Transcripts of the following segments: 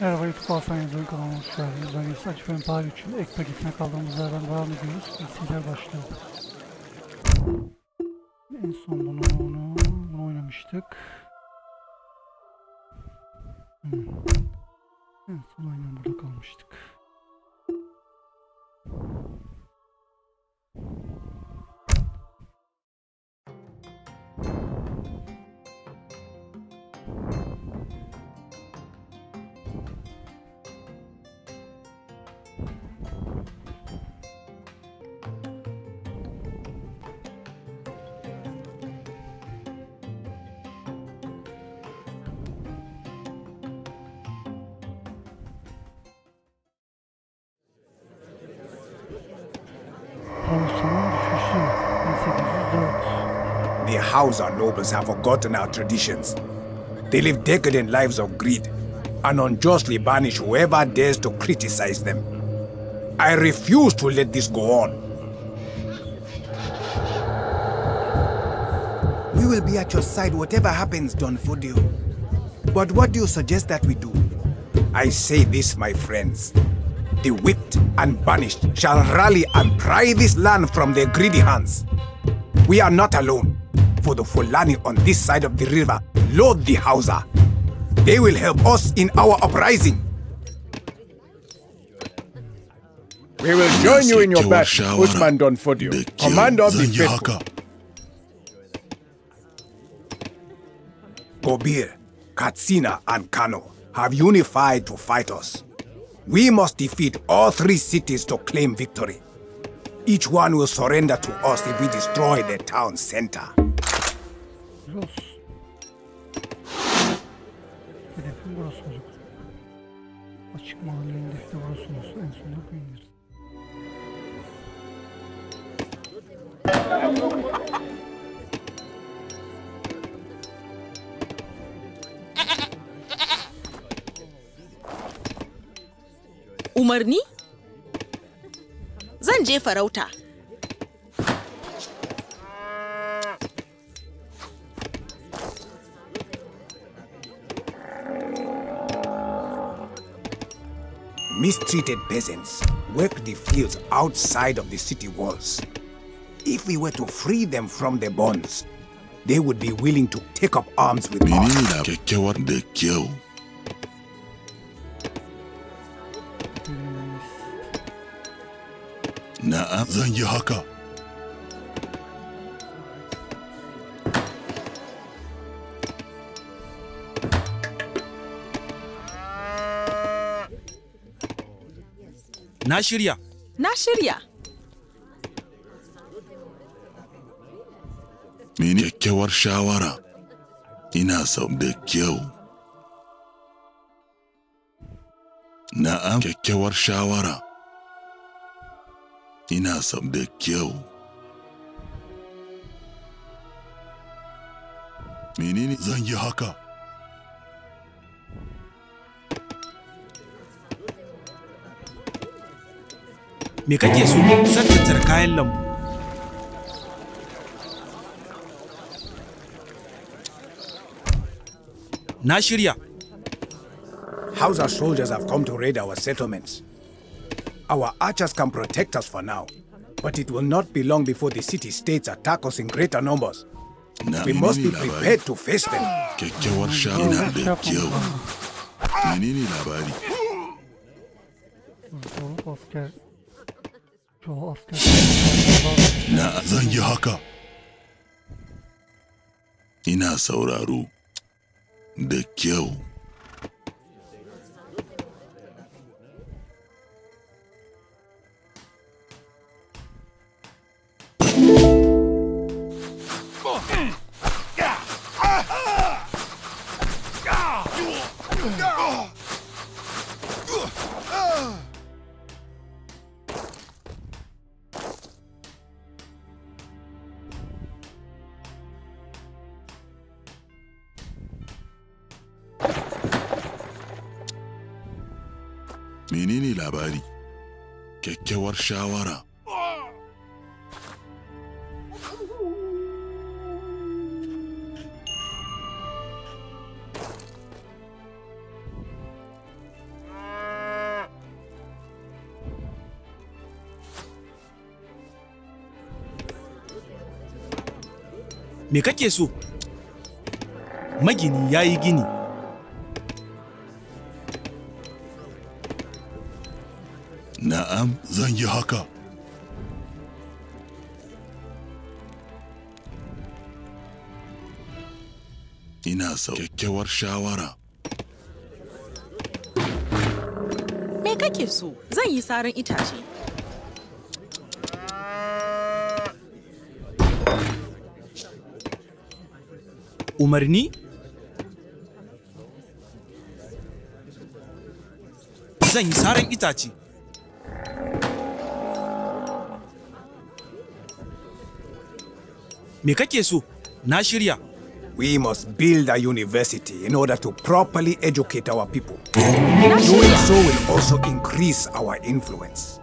Merhaba YouTube Alsanya Duygu kanalıma hoş geldiniz. Ben Yusuf Açı Ben Pahal için ek paketine kaldığımız yerden devam ediyoruz. İlsiyle başlıyor. En son bunu, bunu, bunu oynamıştık. Hmm. En son aynen burada kalmıştık. our nobles have forgotten our traditions. They live decadent lives of greed and unjustly banish whoever dares to criticize them. I refuse to let this go on. We will be at your side whatever happens, Don Fodio. But what do you suggest that we do? I say this, my friends. The whipped and banished shall rally and pry this land from their greedy hands. We are not alone for the Fulani on this side of the river load the Hausa. They will help us in our uprising. We will join you in your battle, Usman Don Fodio, commander of the faithful. Gobir, Katsina, and Kano have unified to fight us. We must defeat all three cities to claim victory. Each one will surrender to us if we destroy the town center. hayırlı olsun. Hedefim burası olacak. Açık mahallenin hedefi burası olursa En sonunda bu indirsin. Umarni? Zan je farauta. mistreated peasants work the fields outside of the city walls. If we were to free them from their bonds, they would be willing to take up arms with Meaning us. That they kill what they kill. Ah, zan yi haka. Na shirya. Na shirya. Mene kyakkyawar shawara? Ina sau da kyau. Na'am kyakkyawar shawara. Ina sau da kyau. Menene zan yi haka? me kake so kayan lambu na shirya soldiers have come to raid our settlements. Our archers can protect us for now, but it will not be long before the city states attack us in greater numbers. We must be prepared to face them. Kyakkyawar shawara da kyau. Menene labari? Mm, mm, mm, na zan yi haka ina sauraro da kyau labari kyakkyawar shawara Me kake so? Magini ya yi gini. na'am zan yi haka ina sau kyakkyawar shawara me kake so zan yi sarin itace umarni zan yi sarin itace Me kake so? Na shirya. We must build a university in order to properly educate our people. Doing so will also increase our influence.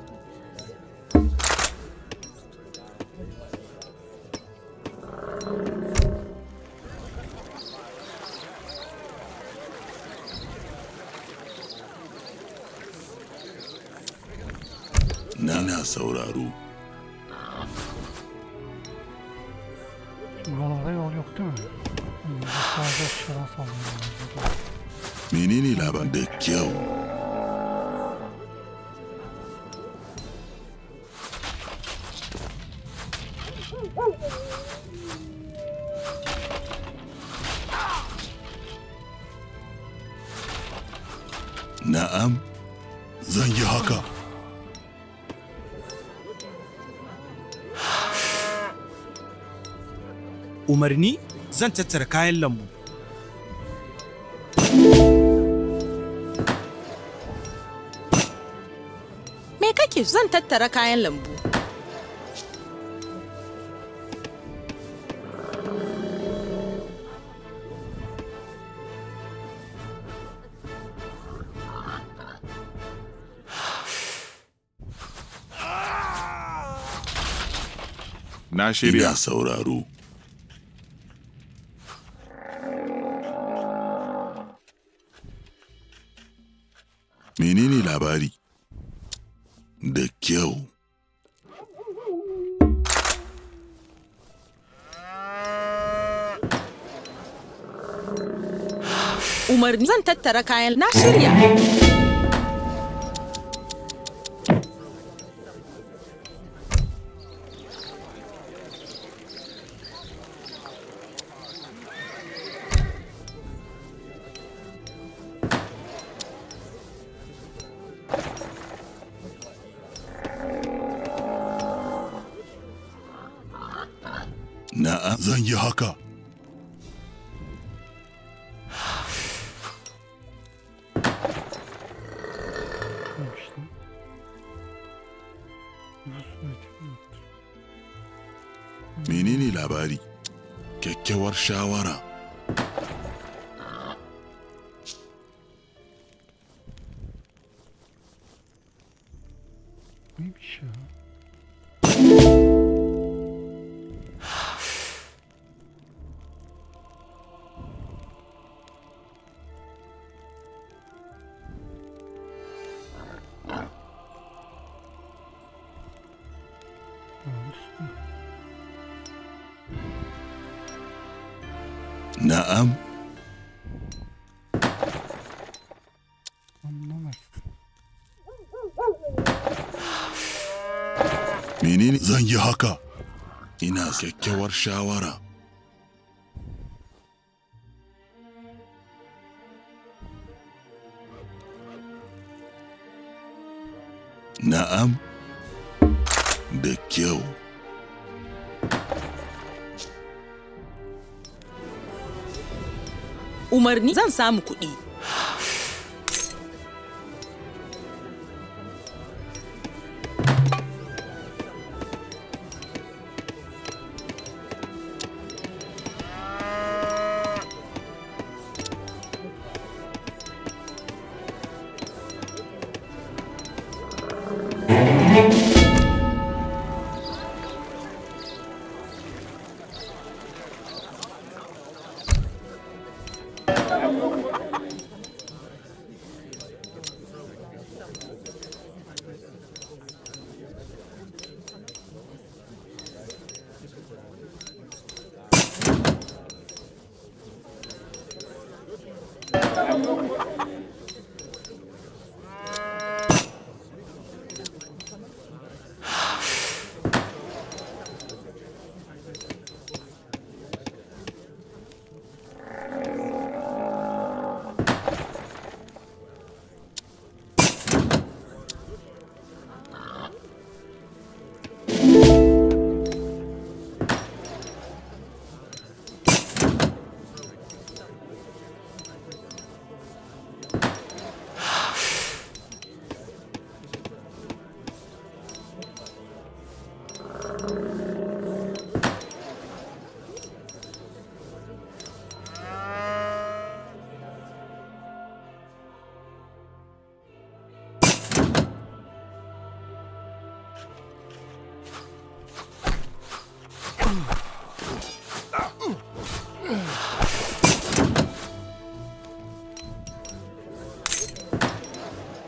umarni zan tattara kayan lambu. Me kake zan tattara kayan lambu? Na shirya. Ina sauraro. umarni zan tattara kayan na shirya shawara zan yi haka ina kyakkyawar shawara na'am da kyau umarni zan samu kuɗi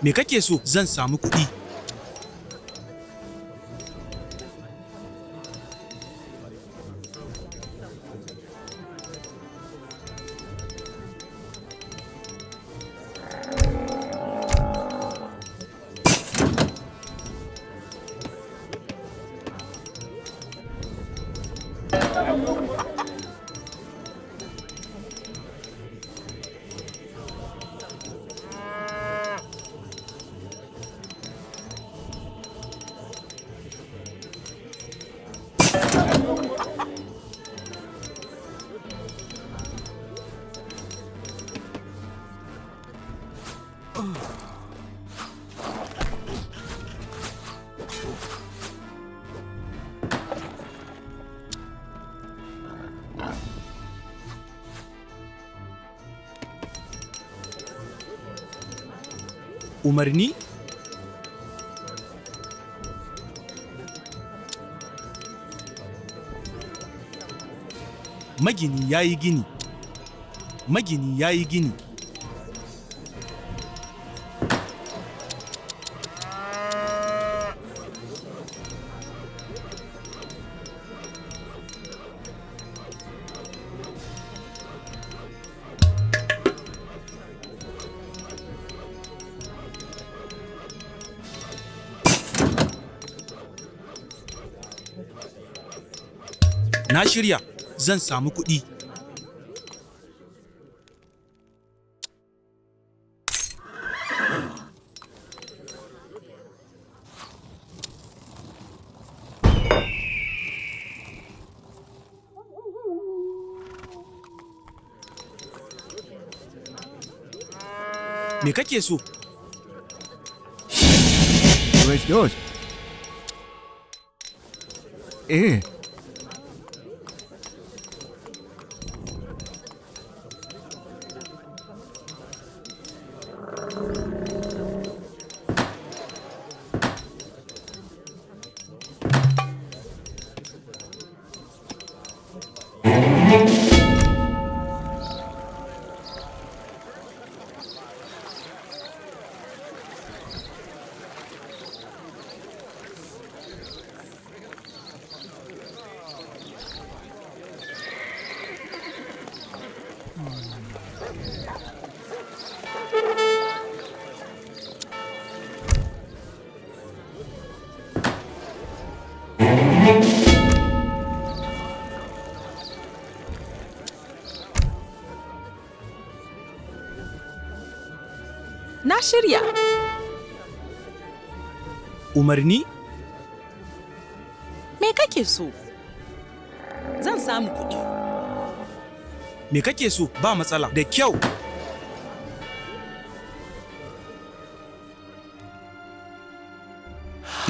me kake so zan samu kuɗi umarni magini ya yi gini magini ya yi gini shirya zan samu kuɗi Me kake so? Where's yours? Eh. shirya. Umarni? Me kake so? Zan samu kuɗi. Me kake so ba matsala da kyau.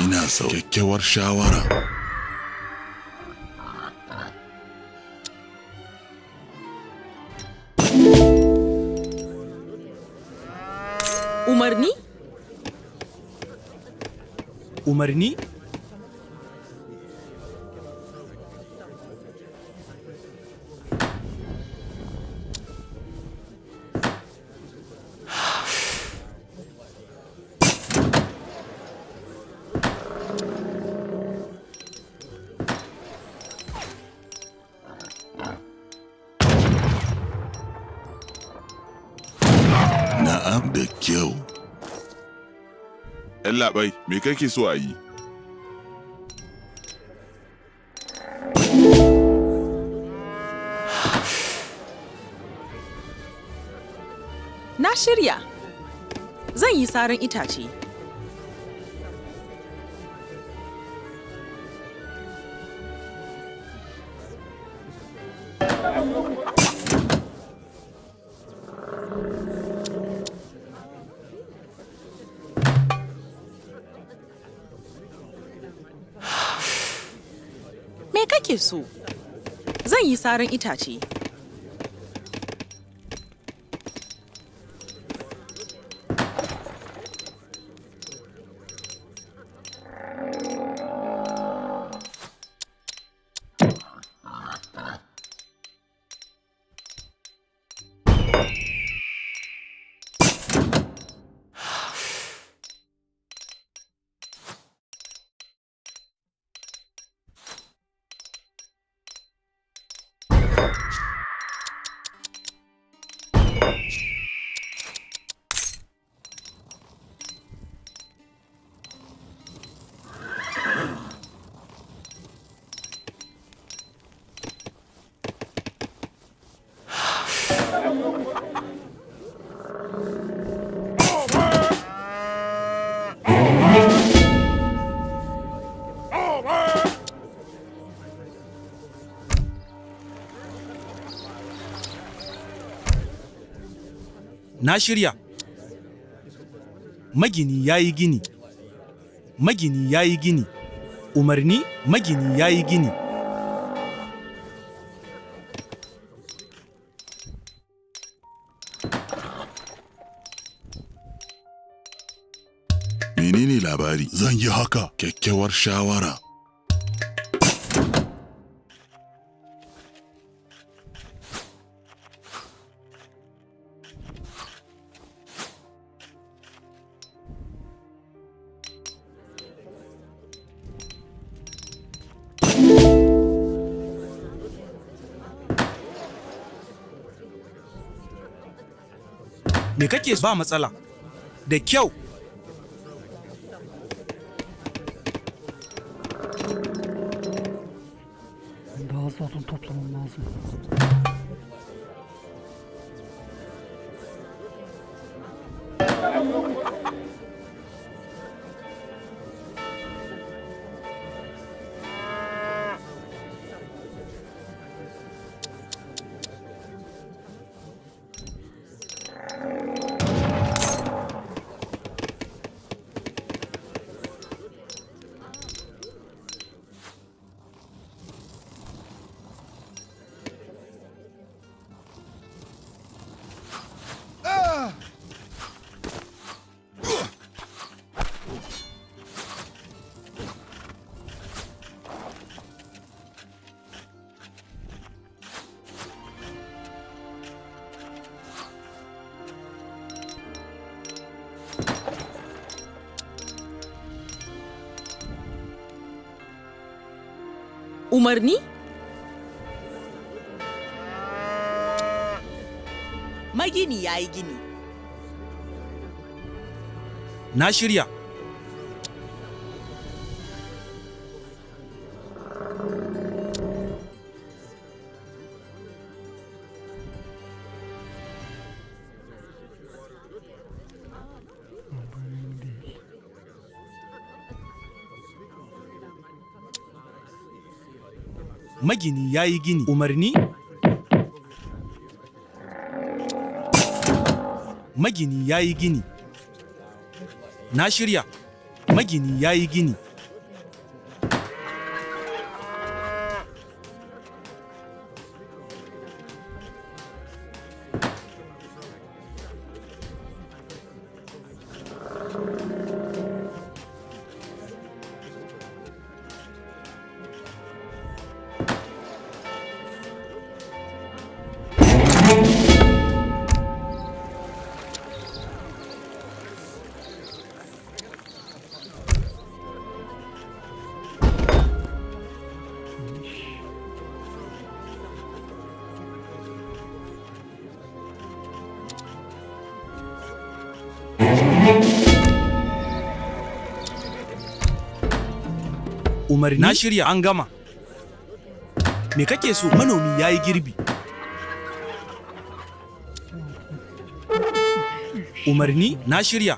Ina so kyakkyawar shawara. Марни? Naam de Keo. labai me kake so a yi? Na shirya, zan yi saran itace. so zan yi saran itace na shirya magini ya yi gini magini ya yi gini umarni magini ya yi gini menene labari zan yi haka kyakkyawar shawara kake ba matsala da kyau umarni? Magini ya yi gini. Na shirya. gini ya yi gini umarni magini ya yi gini na shirya magini ya yi gini umarni? Na shirya an gama. Me kake so manomi ya yi girbi? Umarni na shirya.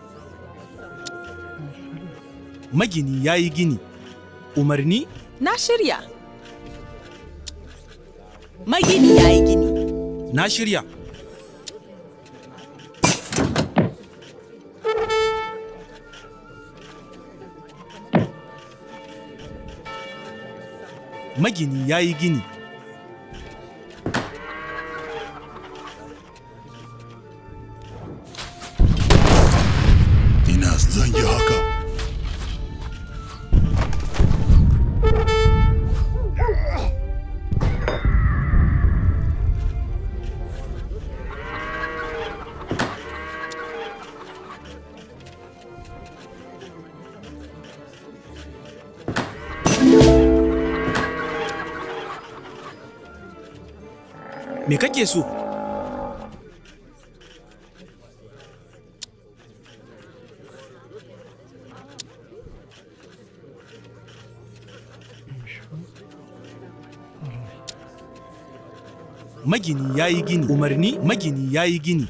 Magini ya yi gini. Umarni? Na shirya. Magini ya yi gini. Na shirya. magini ya yi gini ina zan yi me kake so magini ya yi gini umarni magini ya yi gini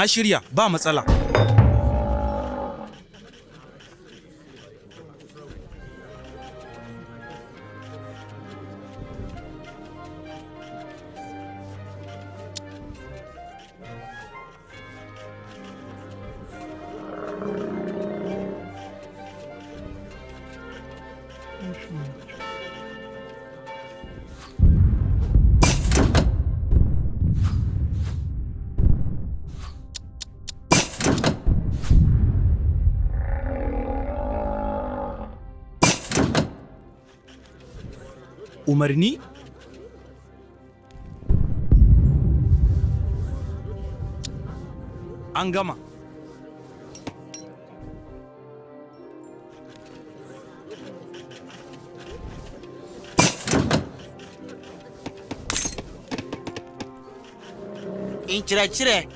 na shirya ba matsala Umarni? angama, gama. In cire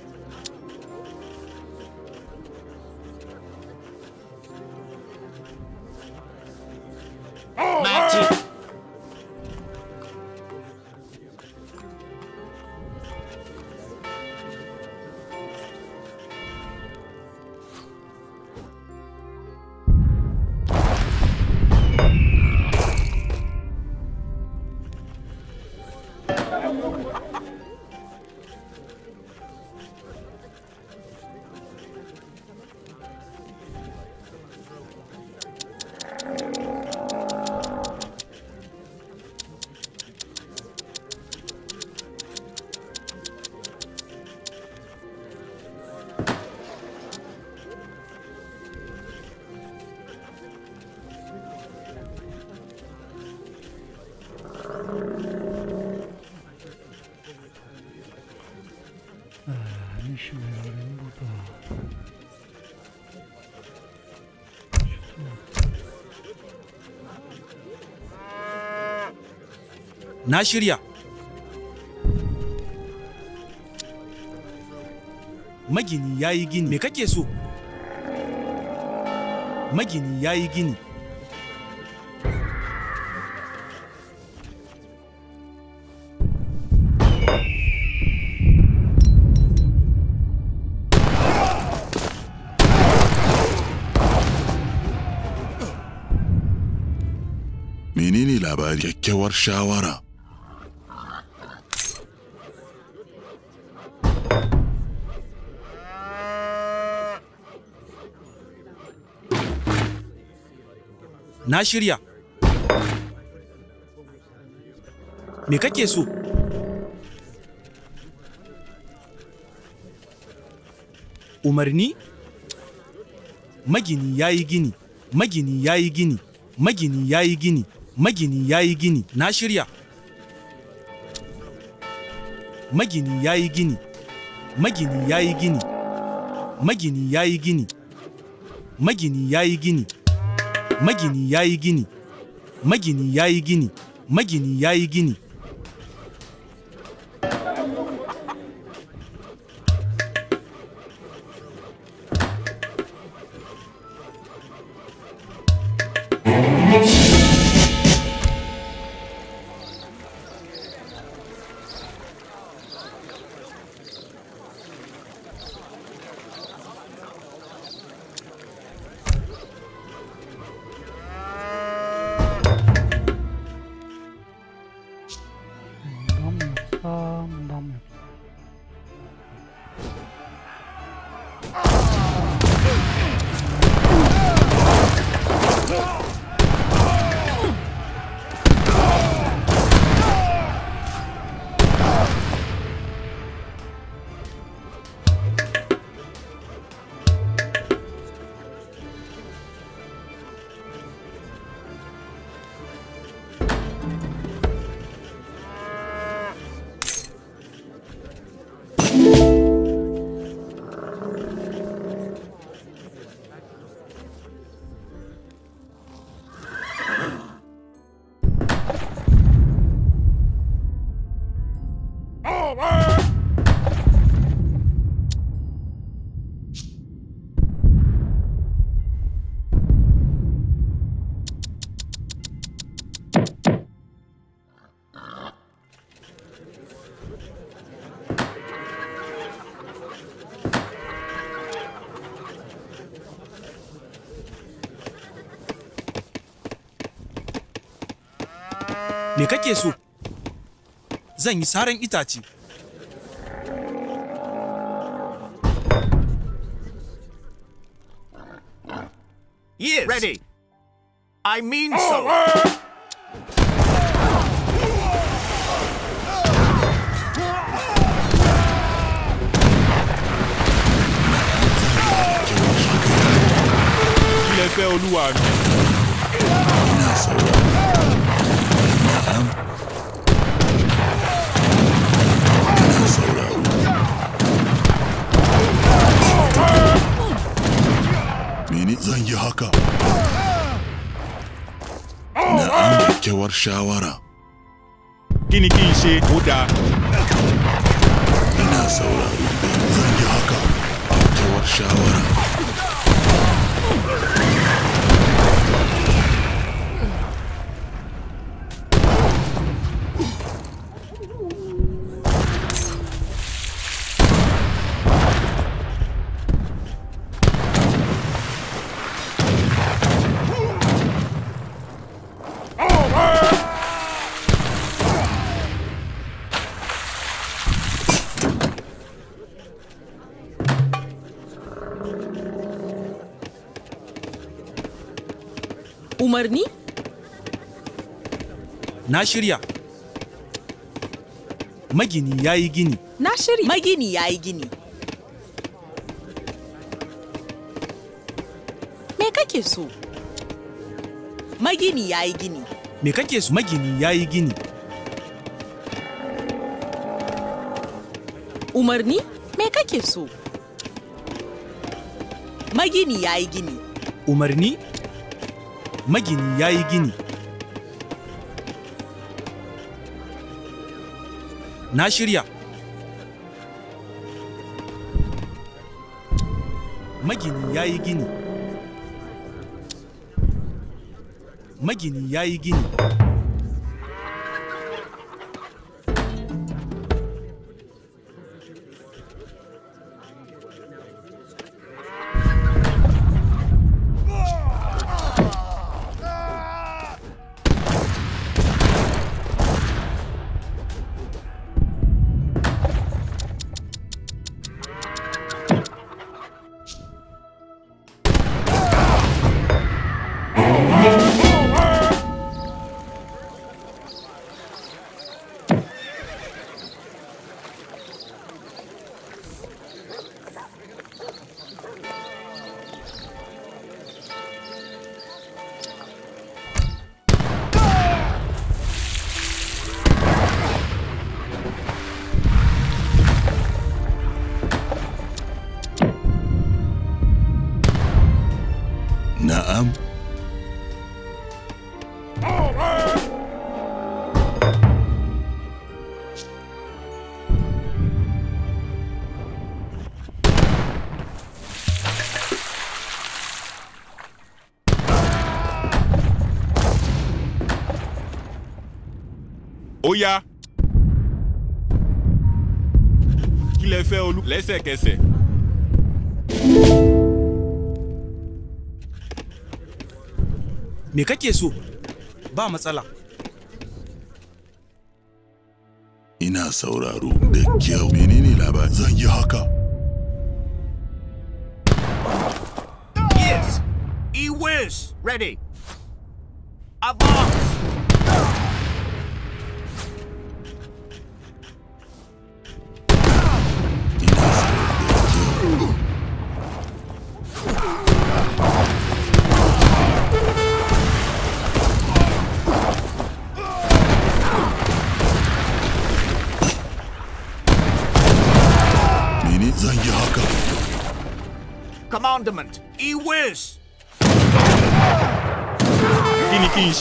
na shirya magini ya yi gini me kake so magini ya yi gini menene labari kyakkyawar shawara na shirya me kake so umarni magini ya yi gini magini ya yi gini magini ya yi gini magini ya yi gini na shirya magini ya yi gini magini ya yi gini magini ya yi gini magini ya yi gini magini ya yi gini magini ya yi gini magini ya yi gini Me kake so? Zan yi saran itace. Yes. Ready. I mean oh, so. Uh... zan yi haka na shawara Kini ni kí huda. ina saurari zan yi haka amincewar shawara umarni? Na shirya. Magini ya yi gini. Na shirya. Magini ya yi gini. Me kake so? Magini ya yi gini. Me kake so magini ya yi gini? Umarni? Me kake so? Magini ya yi gini. Umarni? magini ya yi gini na shirya magini ya yi gini magini ya yi gini Qui l'a yá. kí lẹ fẹ́ olú lẹ́sẹ̀kẹsẹ̀. me kake so ba matsala. Ina sauraro da kyau menene labar zan yi haka. Yes! He wins! Ready!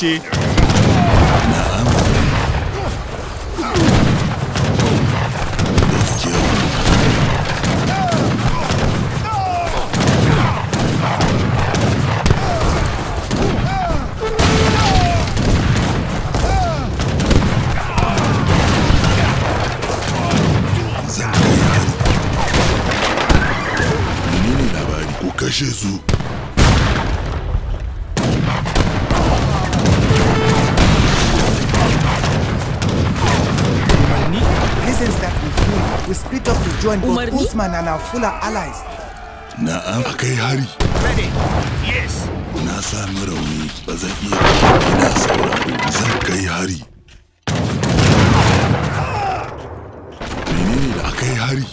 ṣe When both Usman na fula allies. Na'am hari. Ready. Yes. Na samu rauni ba zan iya ina sauraro zan kai hari. Menene da kai hari?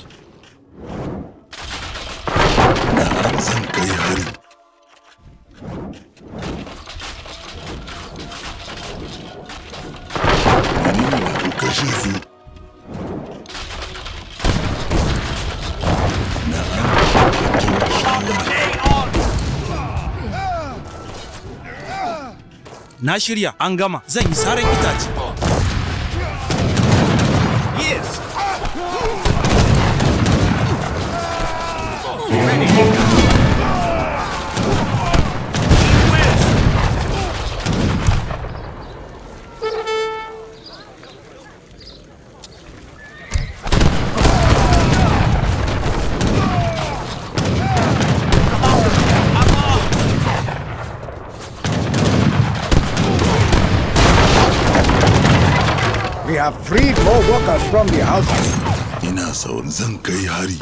na shirya an gama zan yi saran itace Ina son zan kai hari.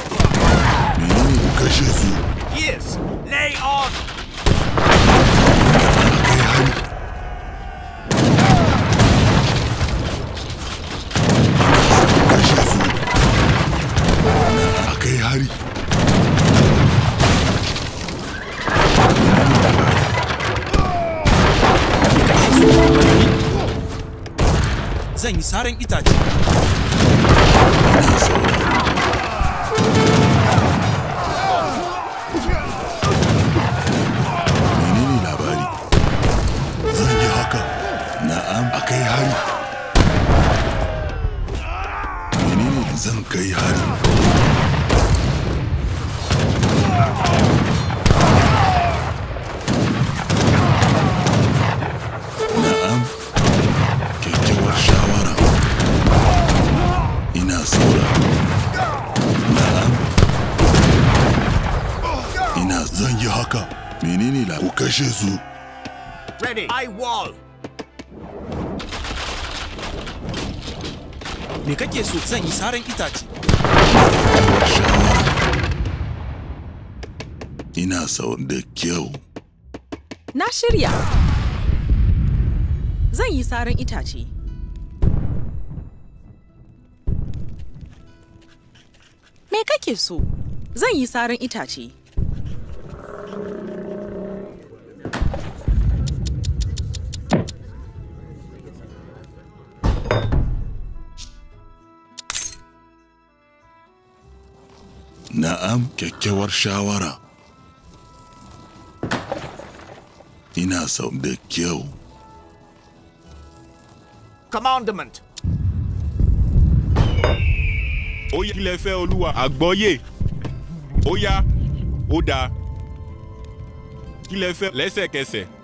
Menene ku kashe su? Yes, lay on. Kai hari. Kashe su. Kai hari. zan yi saran itace easy. Jesus. Ready. I wall. Me kake so zan yi saran itace? Ina son da kyau. Na shirya. Zan yi saran itace. Me kake so? Zan yi saran itace. na'am kyakkyawar shawara ina son da kyau commandment ó yẹ ilẹ̀ fẹ́ olúwa àgbọ́yé ó yá ó dáa ilẹ̀ fẹ́ lẹ́sẹ̀kẹsẹ̀.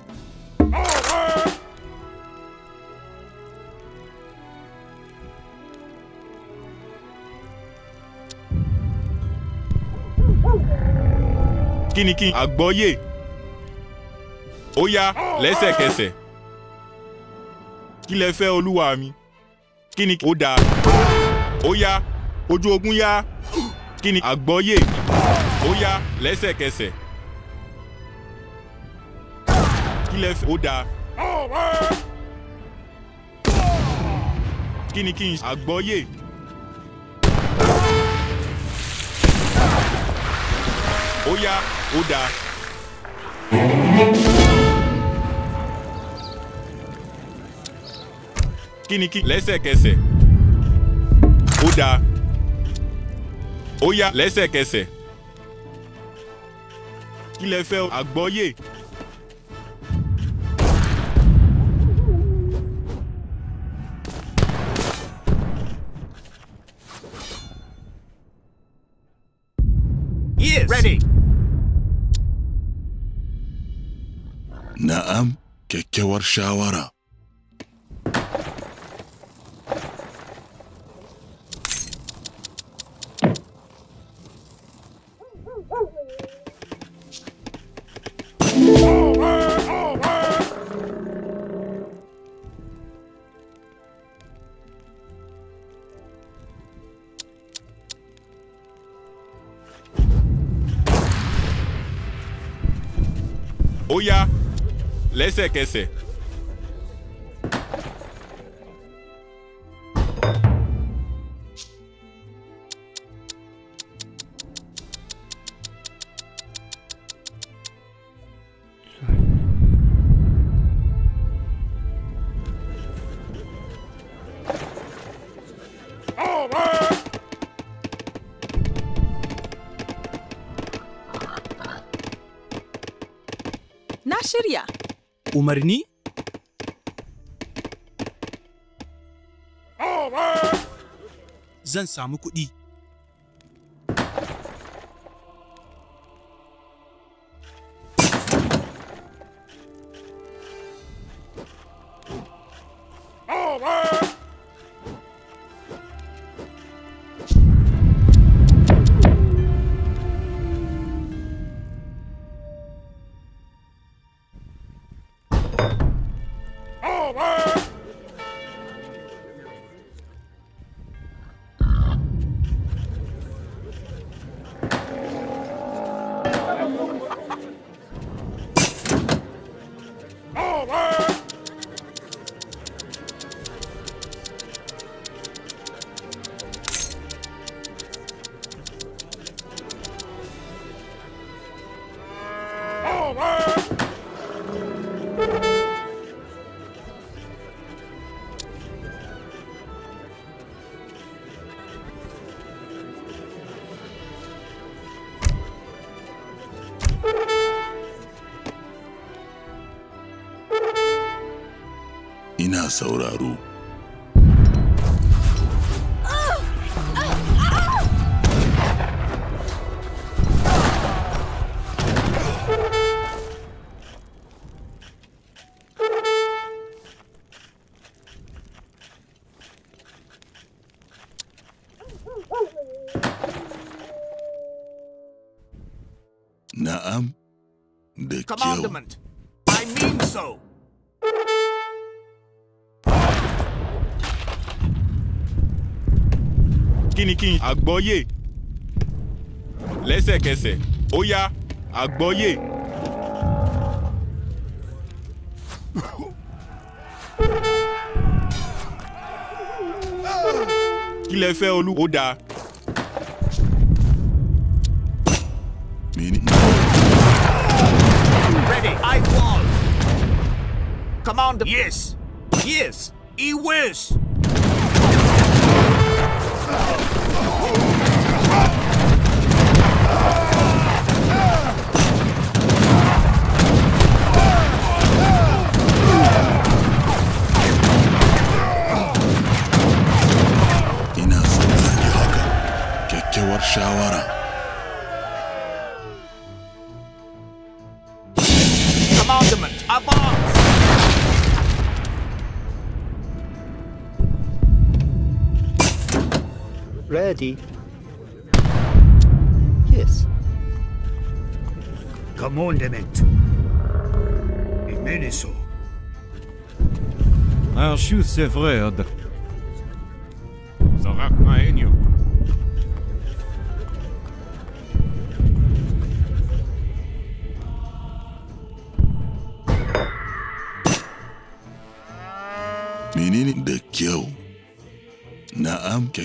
kíni kí n àgbọ́yé ó yá lẹ́sẹ̀kẹsẹ̀ kí lẹ fẹ́ olúwa mi kíni ó dáa ó yá ojú ogun yá kíni àgbọ́yé ó yá lẹ́sẹ̀kẹsẹ̀ kí lẹ fẹ́ ó dáa kíni àgbọ́yé. ó yá ó dáa. kí ni kí lẹ́sẹ̀kẹsẹ̀ ó dáa ó yá lẹ́sẹ̀kẹsẹ̀ kí lẹ fẹ́ àgbọ́yé. kyakkyawar shawara qué sé Na Umarni? Zan samu kuɗi. sauraro. Na'am, the kyau. Commandment, I mean so. kí ni kí n. àgbọ́yé lẹ́sẹ̀kẹsẹ̀ ó yá àgbọ́yé. kí lẹ fẹ́ olú. ó dáa. Ready, I wall. Commander. Yes. Yes. He wins. ready. Yes. Commandement. Imeneso. Our shoes severed.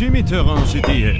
20 c'est-à-dire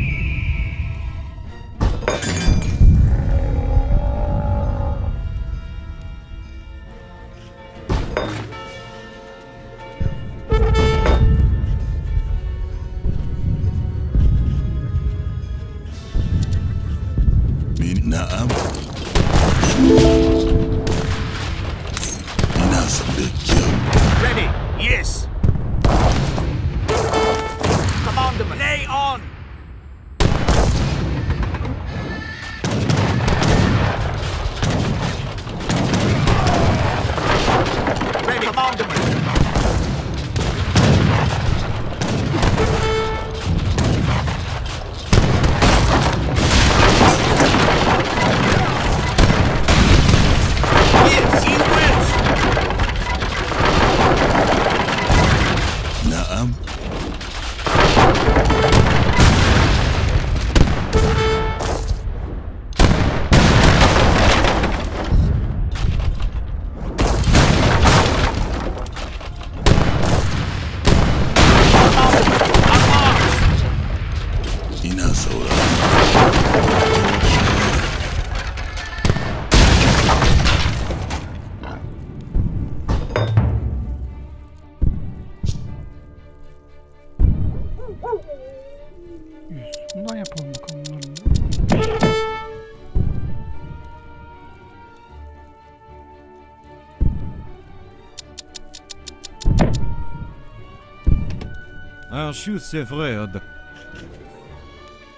Confucius Sevreude.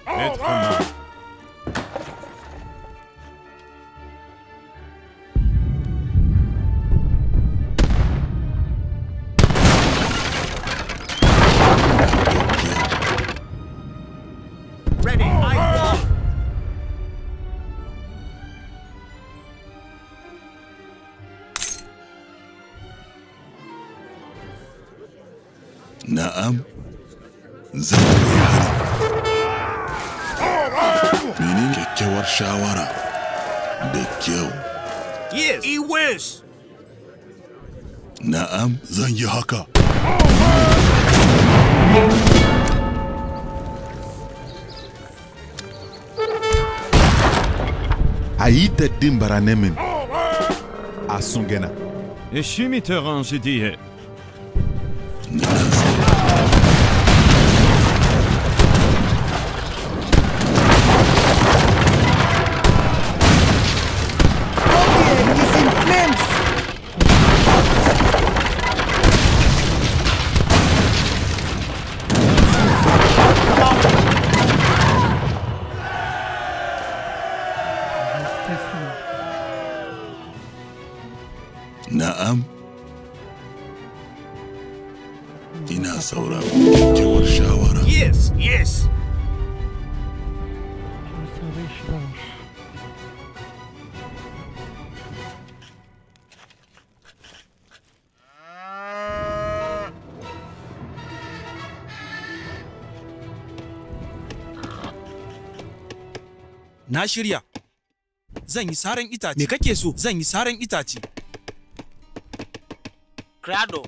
Être humain. din bara nemin. Oh, oh. A sungena. Shimi teran je dihe. na shirya zan yi saran itace me kake so zan yi saran itace Crado.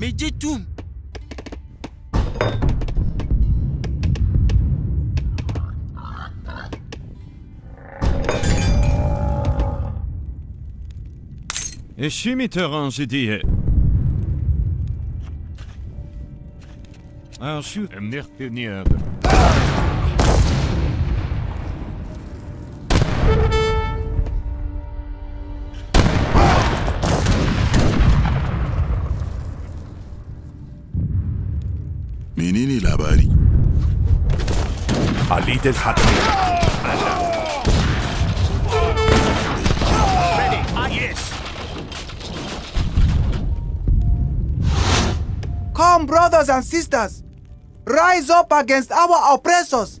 Me tum. Eşimi terence diye. Arşu emniyet had Come, brothers and sisters, rise up against our oppressors.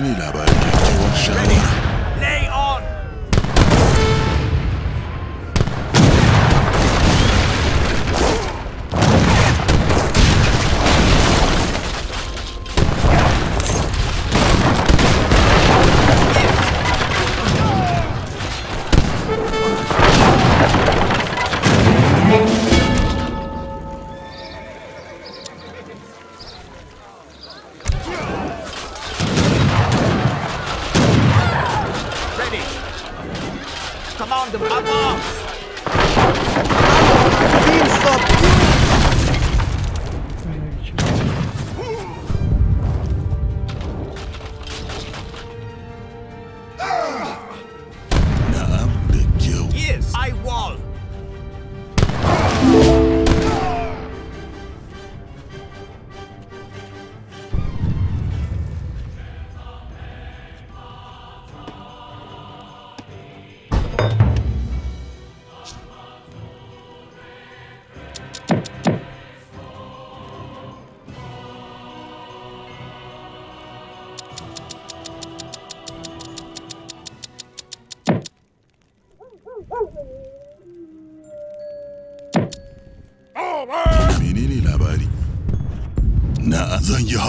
Vinilaba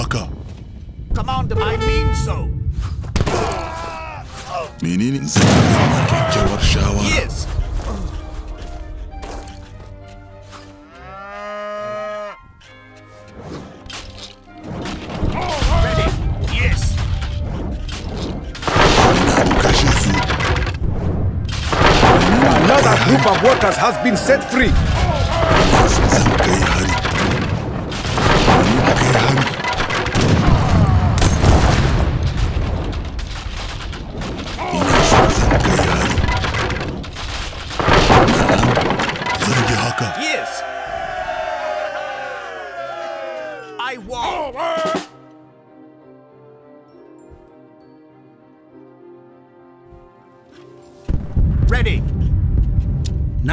Haka. Commander, I mean so. Menene zama kyakkyawar shawara? Yes. Another group of workers has been set free.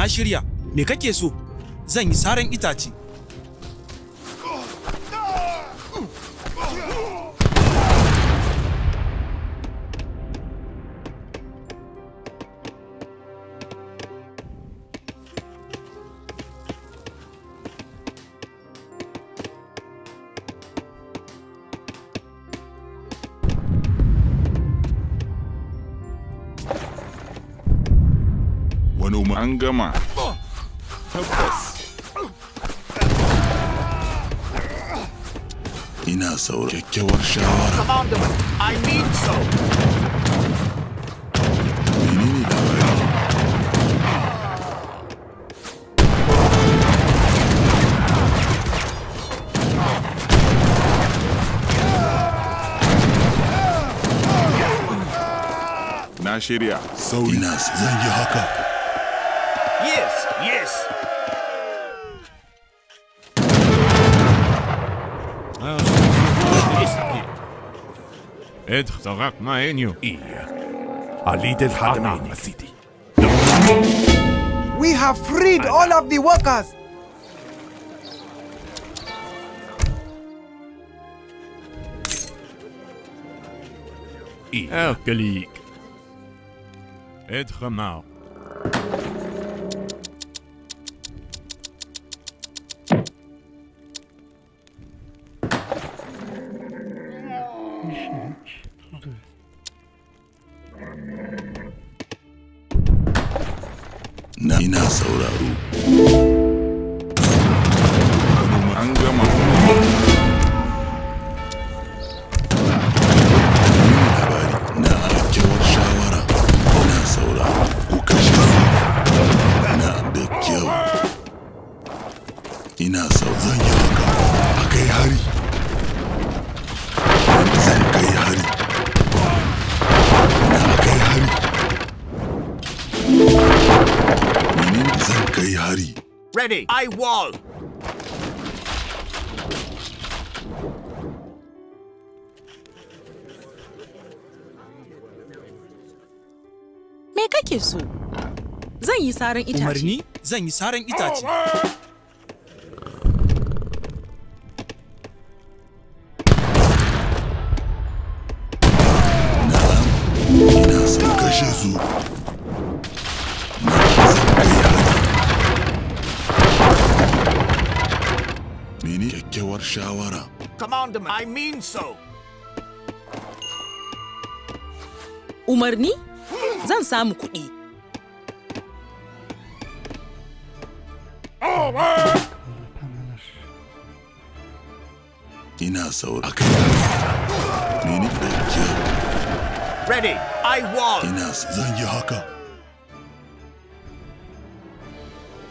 shirya, me kake so? Zan yi saran itace, Ангама. Ina kyakkyawar shawara. I need some. shirya. Sauri. Ina zan yi haka. Être Zorak Maenu. City. We have freed all of the workers. Erkelijk. Être mort. saran itace. Umarni zan yi saran itace. shawara. I mean so. Umarni? Zan samu kuɗi. episode. I can Meaning that you. Ready, I won! Inas, Zangi Haka.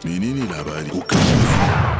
Menene labari?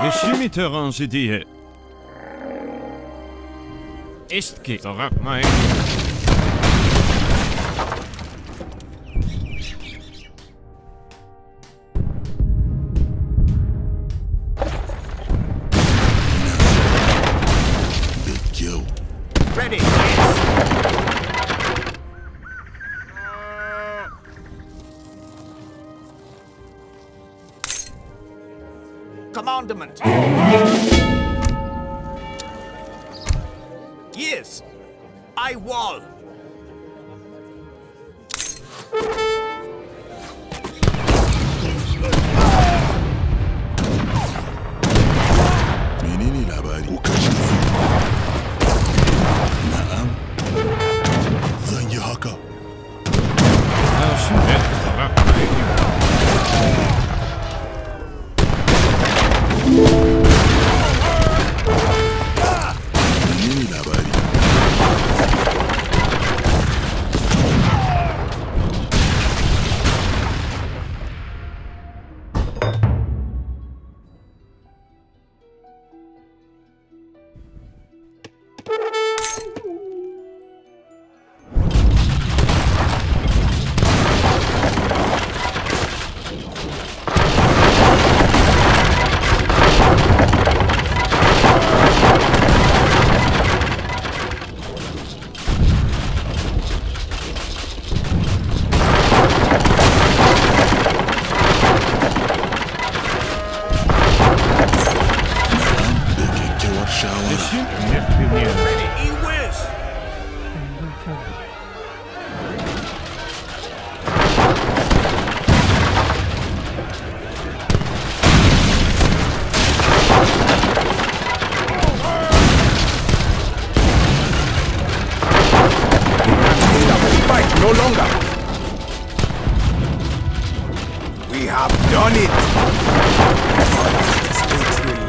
Geschimi teran zit hier. het geht, rat mein.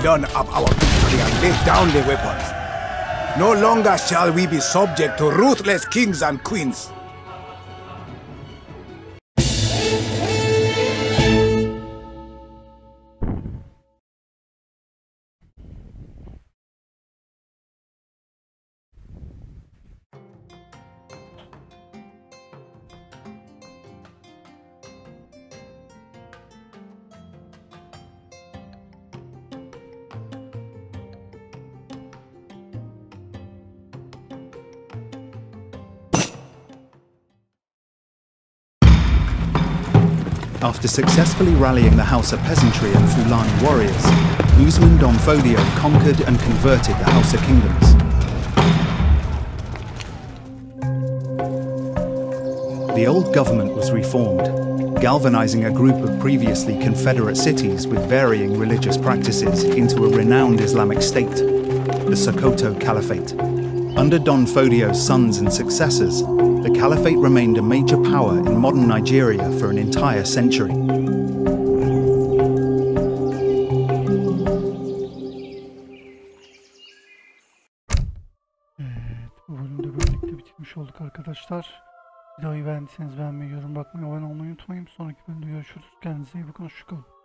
done up our victory and lay down the weapons. No longer shall we be subject to ruthless kings and queens. successfully rallying the Hausa peasantry and Fulani warriors, Usman Domfodio conquered and converted the Hausa kingdoms. The old government was reformed, galvanizing a group of previously Confederate cities with varying religious practices into a renowned Islamic state, the Sokoto Caliphate. Under Don Fodio's sons and successors, the caliphate remained a major power in modern Nigeria for an entire century. arkadaşlar. Videoyu beğendiyseniz beğenmeyi, yorum abone olmayı unutmayın. Sonraki bölümde görüşürüz. Kendinize iyi bakın. Hoşçakalın.